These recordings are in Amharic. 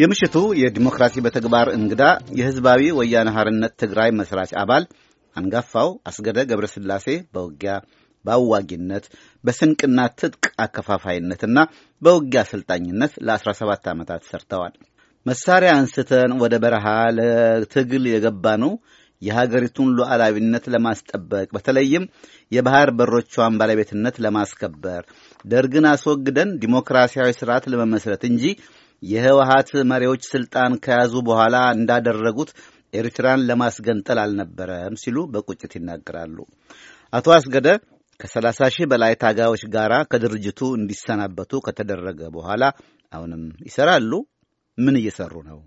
የምሽቱ የዲሞክራሲ በተግባር እንግዳ የህዝባዊ ወያነ ሐርነት ትግራይ መስራች አባል አንጋፋው አስገደ ገብረ በውጊያ በአዋጊነት በስንቅና ትጥቅ አከፋፋይነትና በውጊያ አሰልጣኝነት ለ17 ዓመታት ሰርተዋል። መሳሪያ አንስተን ወደ በረሃ ለትግል የገባ ነው የሀገሪቱን ሉዓላዊነት ለማስጠበቅ በተለይም የባህር በሮቿን ባለቤትነት ለማስከበር ደርግን አስወግደን ዲሞክራሲያዊ ስርዓት ለመመስረት እንጂ የህወሀት መሪዎች ስልጣን ከያዙ በኋላ እንዳደረጉት ኤርትራን ለማስገንጠል አልነበረም ሲሉ በቁጭት ይናገራሉ። አቶ አስገደ ከ 3 ሺህ በላይ ታጋዮች ጋር ከድርጅቱ እንዲሰናበቱ ከተደረገ በኋላ አሁንም ይሰራሉ። ምን እየሰሩ ነው?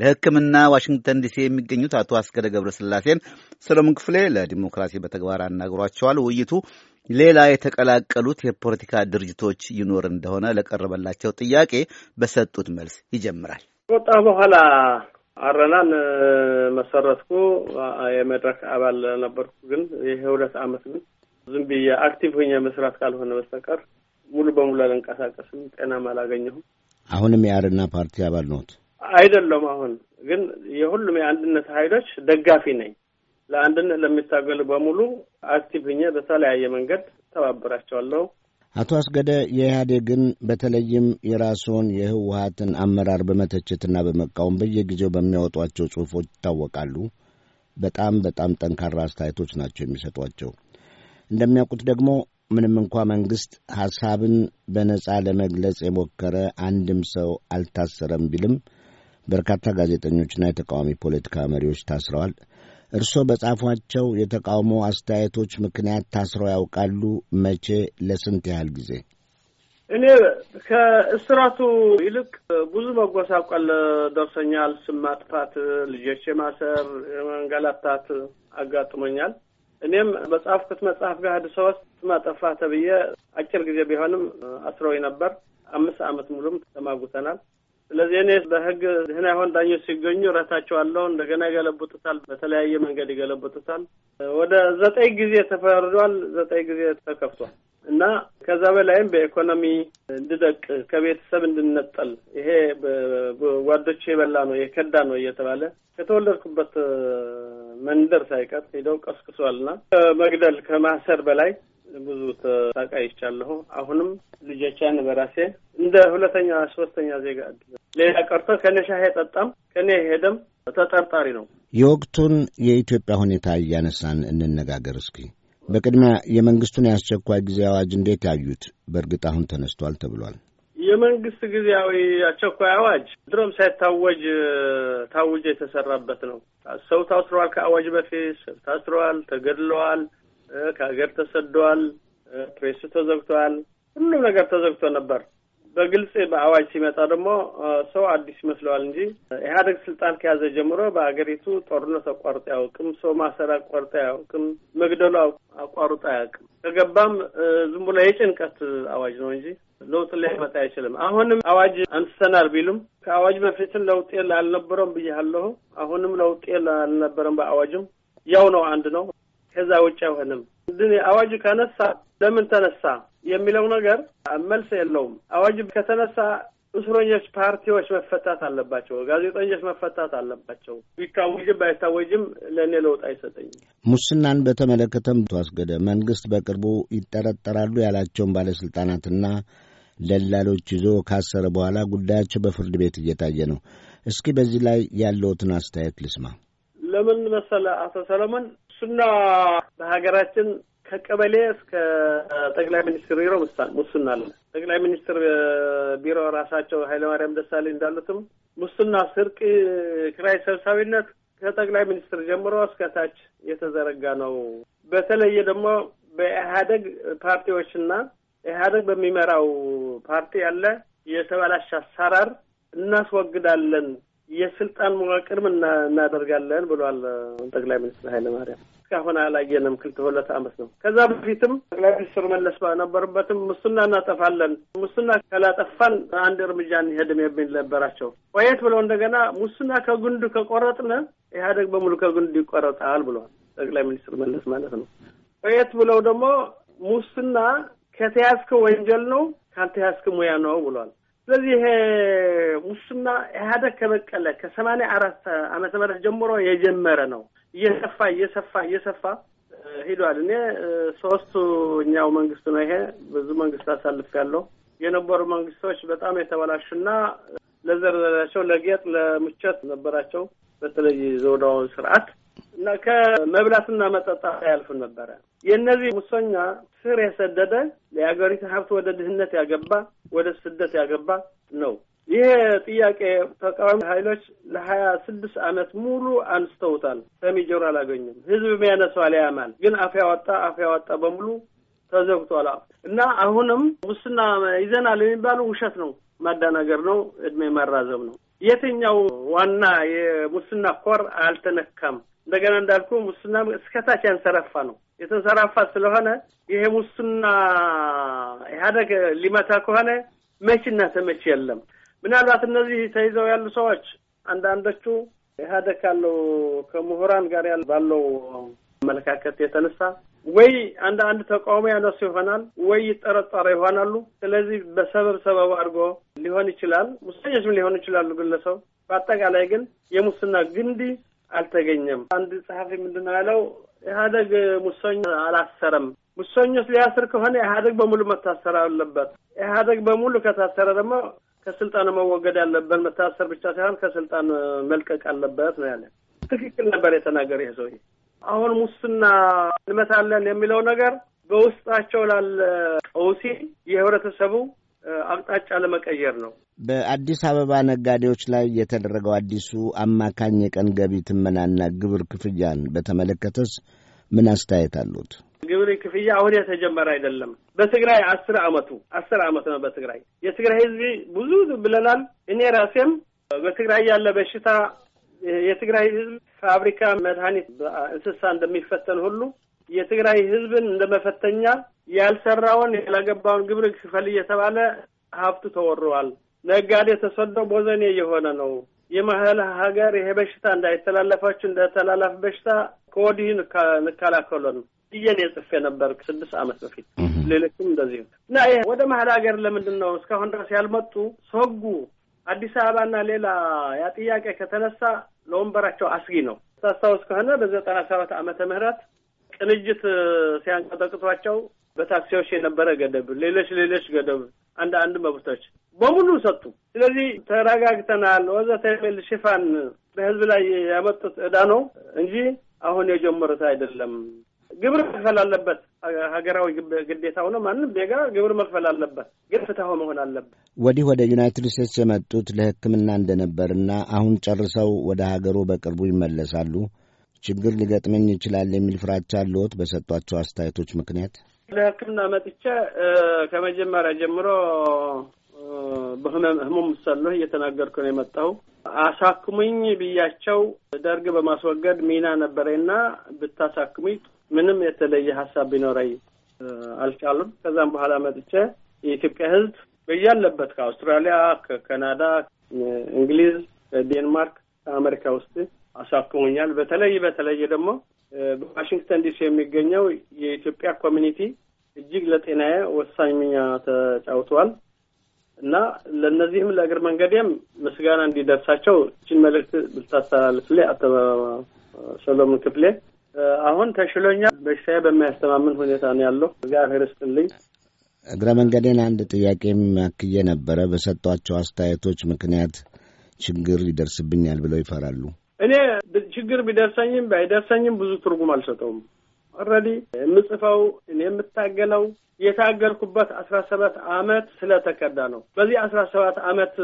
ለሕክምና ዋሽንግተን ዲሲ የሚገኙት አቶ አስገደ ገብረ ስላሴን ሰለሞን ክፍሌ ለዲሞክራሲ በተግባር አናግሯቸዋል። ውይይቱ ሌላ የተቀላቀሉት የፖለቲካ ድርጅቶች ይኖር እንደሆነ ለቀረበላቸው ጥያቄ በሰጡት መልስ ይጀምራል። ከወጣ በኋላ አረናን መሰረትኩ። የመድረክ አባል ነበርኩ። ግን ይህ ሁለት አመት ግን ዝም ብዬ አክቲቭ ሆኜ መስራት ካልሆነ በስተቀር ሙሉ በሙሉ አልንቀሳቀስም። ጤናም አላገኘሁም። አሁንም የአረና ፓርቲ አባል ነዎት? አይደለም። አሁን ግን የሁሉም የአንድነት ኃይሎች ደጋፊ ነኝ። ለአንድነት ለሚታገሉ በሙሉ አክቲቭ በተለያየ መንገድ ተባበራቸዋለሁ። አቶ አስገደ የኢህአዴግን በተለይም የራስዎን የህወሀትን አመራር በመተቸትና በመቃወም በየጊዜው በሚያወጧቸው ጽሁፎች ይታወቃሉ። በጣም በጣም ጠንካራ አስተያየቶች ናቸው የሚሰጧቸው። እንደሚያውቁት ደግሞ ምንም እንኳ መንግሥት ሐሳብን በነጻ ለመግለጽ የሞከረ አንድም ሰው አልታሰረም ቢልም በርካታ ጋዜጠኞችና የተቃዋሚ ፖለቲካ መሪዎች ታስረዋል። እርስዎ በጻፏቸው የተቃውሞ አስተያየቶች ምክንያት ታስረው ያውቃሉ? መቼ? ለስንት ያህል ጊዜ? እኔ ከእስራቱ ይልቅ ብዙ መጎሳቆል ደርሰኛል። ስም ማጥፋት፣ ልጆች የማሰር የማንገላታት አጋጥሞኛል። እኔም በጻፍኩት መጽሐፍ ጋህድ ሶስት ማጠፋ ተብዬ አጭር ጊዜ ቢሆንም አስረውኝ ነበር። አምስት ዓመት ሙሉም ተማጉተናል። ስለዚህ እኔ በህግ ድህና የሆን ዳኞች ሲገኙ ረታቸዋለሁ። እንደገና ይገለብጡታል፣ በተለያየ መንገድ ይገለብጡታል። ወደ ዘጠኝ ጊዜ ተፈርዷል፣ ዘጠኝ ጊዜ ተከፍቷል እና ከዛ በላይም በኢኮኖሚ እንድደቅ ከቤተሰብ እንድነጠል ይሄ ጓዶች የበላ ነው የከዳ ነው እየተባለ ከተወለድኩበት መንደር ሳይቀር ሄደው ቀስቅሷልና መግደል ከማሰር በላይ ብዙ ተሳቃይቻለሁ። አሁንም ልጆቻን በራሴ እንደ ሁለተኛ ሶስተኛ ዜጋ ሌላ ቀርቶ ከኔ የጠጣም ከኔ ሄደም ተጠርጣሪ ነው። የወቅቱን የኢትዮጵያ ሁኔታ እያነሳን እንነጋገር እስኪ። በቅድሚያ የመንግስቱን የአስቸኳይ ጊዜ አዋጅ እንዴት ያዩት? በእርግጥ አሁን ተነስቷል ተብሏል። የመንግስት ጊዜያዊ አስቸኳይ አዋጅ ድሮም ሳይታወጅ ታውጆ የተሰራበት ነው። ሰው ታስሯል ከአዋጅ በፊት ሰው ታስረዋል፣ ተገድለዋል፣ ከሀገር ተሰደዋል፣ ፕሬሱ ተዘግቷል፣ ሁሉም ነገር ተዘግቶ ነበር። በግልጽ በአዋጅ ሲመጣ ደግሞ ሰው አዲስ ይመስለዋል እንጂ ኢህአዴግ ስልጣን ከያዘ ጀምሮ በሀገሪቱ ጦርነት አቋርጦ አያውቅም። ሰው ማሰር አቋርጦ አያውቅም። መግደሉ አቋርጦ አያውቅም። ከገባም ዝም ብሎ የጭንቀት አዋጅ ነው እንጂ ለውጥ ሊያመጣ አይችልም። አሁንም አዋጅ አንስተናል ቢሉም ከአዋጅ በፊትም ለውጥ አልነበረም ብያለሁ። አሁንም ለውጥ አልነበረም። በአዋጅም ያው ነው፣ አንድ ነው። ከዛ ውጭ አይሆንም። ድን አዋጅ ከነሳ ለምን ተነሳ የሚለው ነገር መልስ የለውም። አዋጅ ከተነሳ እስረኞች ፓርቲዎች መፈታት አለባቸው፣ ጋዜጠኞች መፈታት አለባቸው። ቢታወጅም ባይታወጅም ለእኔ ለውጥ አይሰጠኝም። ሙስናን በተመለከተም ተዋስገደ መንግስት በቅርቡ ይጠረጠራሉ ያላቸውን ባለስልጣናትና ደላሎች ይዞ ካሰረ በኋላ ጉዳያቸው በፍርድ ቤት እየታየ ነው። እስኪ በዚህ ላይ ያለውትን አስተያየት ልስማ። ለምን መሰለ አቶ ሰለሞን ሙስና በሀገራችን ከቀበሌ እስከ ጠቅላይ ሚኒስትር ቢሮ ሙስና አለ። ጠቅላይ ሚኒስትር ቢሮ ራሳቸው ኃይለማርያም ደሳለኝ እንዳሉትም ሙስና ስርቅ ክራይ ሰብሳቢነት ከጠቅላይ ሚኒስትር ጀምሮ እስከ ታች የተዘረጋ ነው። በተለየ ደግሞ በኢህአደግ ፓርቲዎችና ኢህአደግ በሚመራው ፓርቲ ያለ የተበላሸ አሰራር እናስወግዳለን የስልጣን መዋቅርም እናደርጋለን ብሏል ጠቅላይ ሚኒስትር ኃይለ ማርያም። እስካሁን አላየንም። ክልት ሁለት አመት ነው። ከዛ በፊትም ጠቅላይ ሚኒስትር መለስ በነበሩበትም ሙስና እናጠፋለን፣ ሙስና ካላጠፋን አንድ እርምጃ እንሄድም የሚል ነበራቸው። ቆየት ብለው እንደገና ሙስና ከጉንዱ ከቆረጥነ ኢህአደግ በሙሉ ከጉንድ ይቆረጣል ብሏል ጠቅላይ ሚኒስትር መለስ ማለት ነው። ቆየት ብለው ደግሞ ሙስና ከተያዝክ ወንጀል ነው ካልተያዝክ ሙያ ነው ብሏል። ስለዚህ ይሄ ሙስና ኢህአዴግ ከበቀለ ከሰማንያ አራት አመተ ምህረት ጀምሮ የጀመረ ነው። እየሰፋ እየሰፋ እየሰፋ ሂዷል። እኔ ሶስተኛው መንግስት ነው። ይሄ ብዙ መንግስት አሳልፍ ያለው የነበሩ መንግስቶች በጣም የተበላሹና ለዘርዘራቸው ለጌጥ ለምቾት ነበራቸው። በተለይ ዘውዳውን ስርዓት እና ከመብላትና መጠጣት አያልፍም ነበረ። የእነዚህ ሙሰኛ ስር የሰደደ የሀገሪቱ ሀብት ወደ ድህነት ያገባ ወደ ስደት ያገባ ነው። ይሄ ጥያቄ ተቃዋሚ ኃይሎች ለሀያ ስድስት ዓመት ሙሉ አንስተውታል። ሰሚ ጆሮ አላገኘም። ህዝብ ያነሳዋል ያማል፣ ግን አፍ ያወጣ አፍ ያወጣ በሙሉ ተዘግቷል። እና አሁንም ሙስና ይዘናል የሚባሉ ውሸት ነው፣ ማደናገር ነው፣ እድሜ ማራዘም ነው። የትኛው ዋና የሙስና ኮር አልተነካም። እንደገና እንዳልኩ ሙስና እስከታች ያንሰረፋ ነው። የተንሰራፋ ስለሆነ ይሄ ሙስና ኢህአደግ ሊመታ ከሆነ መቺና ተመች የለም። ምናልባት እነዚህ ተይዘው ያሉ ሰዎች አንዳንዶቹ ኢህአደግ ካለው ከምሁራን ጋር ባለው አመለካከት የተነሳ ወይ አንድ አንድ ተቃውሞ ያነሱ ይሆናል ወይ ይጠረጠረ ይሆናሉ። ስለዚህ በሰበብ ሰበብ አድርጎ ሊሆን ይችላል። ሙሰኞችም ሊሆኑ ይችላሉ ግለሰብ። በአጠቃላይ ግን የሙስና ግንዲ አልተገኘም። አንድ ጸሐፊ ምንድን ነው ያለው? ኢህአደግ ሙሰኞ አላሰረም። ሙሰኞች ሊያስር ከሆነ ኢህአደግ በሙሉ መታሰር አለበት። ኢህአደግ በሙሉ ከታሰረ ደግሞ ከስልጣን መወገድ ያለበት መታሰር ብቻ ሳይሆን ከስልጣን መልቀቅ አለበት ነው ያለ። ትክክል ነበር የተናገረ ይህ ሰውዬ። አሁን ሙስና እንመታለን የሚለው ነገር በውስጣቸው ላለ ቀውሲ የህብረተሰቡ አቅጣጫ ለመቀየር ነው። በአዲስ አበባ ነጋዴዎች ላይ የተደረገው አዲሱ አማካኝ የቀን ገቢ ትመናና ግብር ክፍያን በተመለከተስ ምን አስተያየት አሉት? ግብር ክፍያ አሁን የተጀመረ አይደለም። በትግራይ አስር አመቱ አስር አመት ነው። በትግራይ የትግራይ ህዝብ ብዙ ብለናል። እኔ ራሴም በትግራይ ያለ በሽታ የትግራይ ህዝብ ፋብሪካ መድኃኒት እንስሳ እንደሚፈተን ሁሉ የትግራይ ህዝብን እንደ መፈተኛ ያልሰራውን ያላገባውን ግብር ክፈል እየተባለ ሀብቱ ተወሯል። ነጋዴ ተሰዶ ቦዘኔ እየሆነ ነው። የመህል ሀገር ይሄ በሽታ እንዳይተላለፋችሁ እንደ በሽታ ከወዲህ እንከላከሉን ብዬ የጽፌ ነበር ስድስት ዓመት በፊት ሌሎችም እንደዚህ እና ይሄ ወደ መህል ሀገር ለምንድን ነው እስካሁን ድረስ ያልመጡ ሰጉ አዲስ አበባና ሌላ ያ ጥያቄ ከተነሳ ለወንበራቸው አስጊ ነው። ታስታውስ ከሆነ በዘጠና ሰባት ዓመተ ምህረት ቅንጅት ሲያንቀጠቅጧቸው በታክሲዎች የነበረ ገደብ፣ ሌሎች ሌሎች ገደብ፣ አንድ አንድ መብቶች በሙሉ ሰጡ። ስለዚህ ተረጋግተናል ወዘተ የሚል ሽፋን በህዝብ ላይ ያመጡት እዳ ነው እንጂ አሁን የጀመሩት አይደለም። ግብር መክፈል አለበት። ሀገራዊ ግዴታው ነው። ማንም ዜጋ ግብር መክፈል አለበት፣ ግን ፍትሐዊ መሆን አለበት። ወዲህ ወደ ዩናይትድ ስቴትስ የመጡት ለሕክምና እንደነበርና አሁን ጨርሰው ወደ ሀገሩ በቅርቡ ይመለሳሉ ችግር ሊገጥመኝ ይችላል የሚል ፍራቻ አለዎት? በሰጧቸው አስተያየቶች ምክንያት ለሕክምና መጥቼ ከመጀመሪያ ጀምሮ በህመም ህሙም እየተናገርኩ ነው የመጣው። አሳክሙኝ ብያቸው ደርግ በማስወገድ ሚና ነበረና ብታሳክሙኝ ምንም የተለየ ሀሳብ ቢኖረኝ አልቻሉም። ከዛም በኋላ መጥቼ የኢትዮጵያ ህዝብ በያለበት ከአውስትራሊያ፣ ከካናዳ፣ እንግሊዝ፣ ዴንማርክ፣ ከአሜሪካ ውስጥ አሳክሞኛል። በተለይ በተለይ ደግሞ በዋሽንግተን ዲሲ የሚገኘው የኢትዮጵያ ኮሚኒቲ እጅግ ለጤናዬ ወሳኝ ሚና ተጫውተዋል እና ለእነዚህም ለእግር መንገዴም ምስጋና እንዲደርሳቸው እችን መልእክት ብታስተላልፍልኝ አቶ ሰሎሞን ክፍሌ። አሁን ተሽሎኛል። በሽታዬ በሚያስተማምን ሁኔታ ነው ያለው። እግዚአብሔር ይስጥልኝ። እግረ መንገዴን አንድ ጥያቄም አክዬ ነበረ። በሰጧቸው አስተያየቶች ምክንያት ችግር ይደርስብኛል ብለው ይፈራሉ? እኔ ችግር ቢደርሰኝም ባይደርሰኝም ብዙ ትርጉም አልሰጠውም። ኦልሬዲ የምጽፈው እኔ የምታገለው የታገልኩበት አስራ ሰባት አመት ስለተከዳ ነው። በዚህ አስራ ሰባት አመት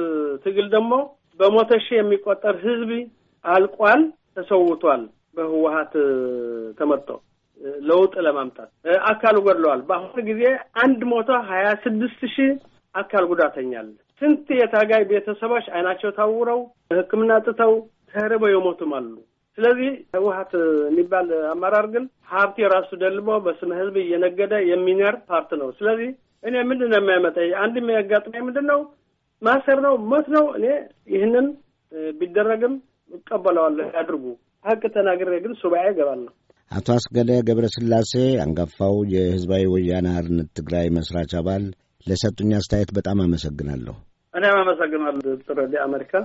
ትግል ደግሞ በሞተ ሺህ የሚቆጠር ህዝብ አልቋል፣ ተሰውቷል። በህወሀት ተመርጠው ለውጥ ለማምጣት አካል ጎድለዋል። በአሁኑ ጊዜ አንድ ሞቶ ሀያ ስድስት ሺህ አካል ጉዳተኛል። ስንት የታጋይ ቤተሰቦች አይናቸው ታውረው ህክምና ጥተው ተርበው የሞቱም አሉ። ስለዚህ ህወሀት የሚባል አመራር ግን ሀብት የራሱ ደልቦ በስመ ህዝብ እየነገደ የሚነር ፓርት ነው። ስለዚህ እኔ ምንድን ነው የሚያመጣኝ አንድ የሚያጋጥመኝ ምንድን ነው ማሰር ነው ሞት ነው። እኔ ይህንን ቢደረግም እቀበለዋለሁ፣ ያድርጉ። ሀቅ ተናግሬ ግን ሱባኤ እገባለሁ። አቶ አስገደ ገብረስላሴ አንጋፋው የህዝባዊ ወያነ ሓርነት ትግራይ መስራች አባል ለሰጡኝ አስተያየት በጣም አመሰግናለሁ። እኔም አመሰግናለሁ። ጥረ አሜሪካ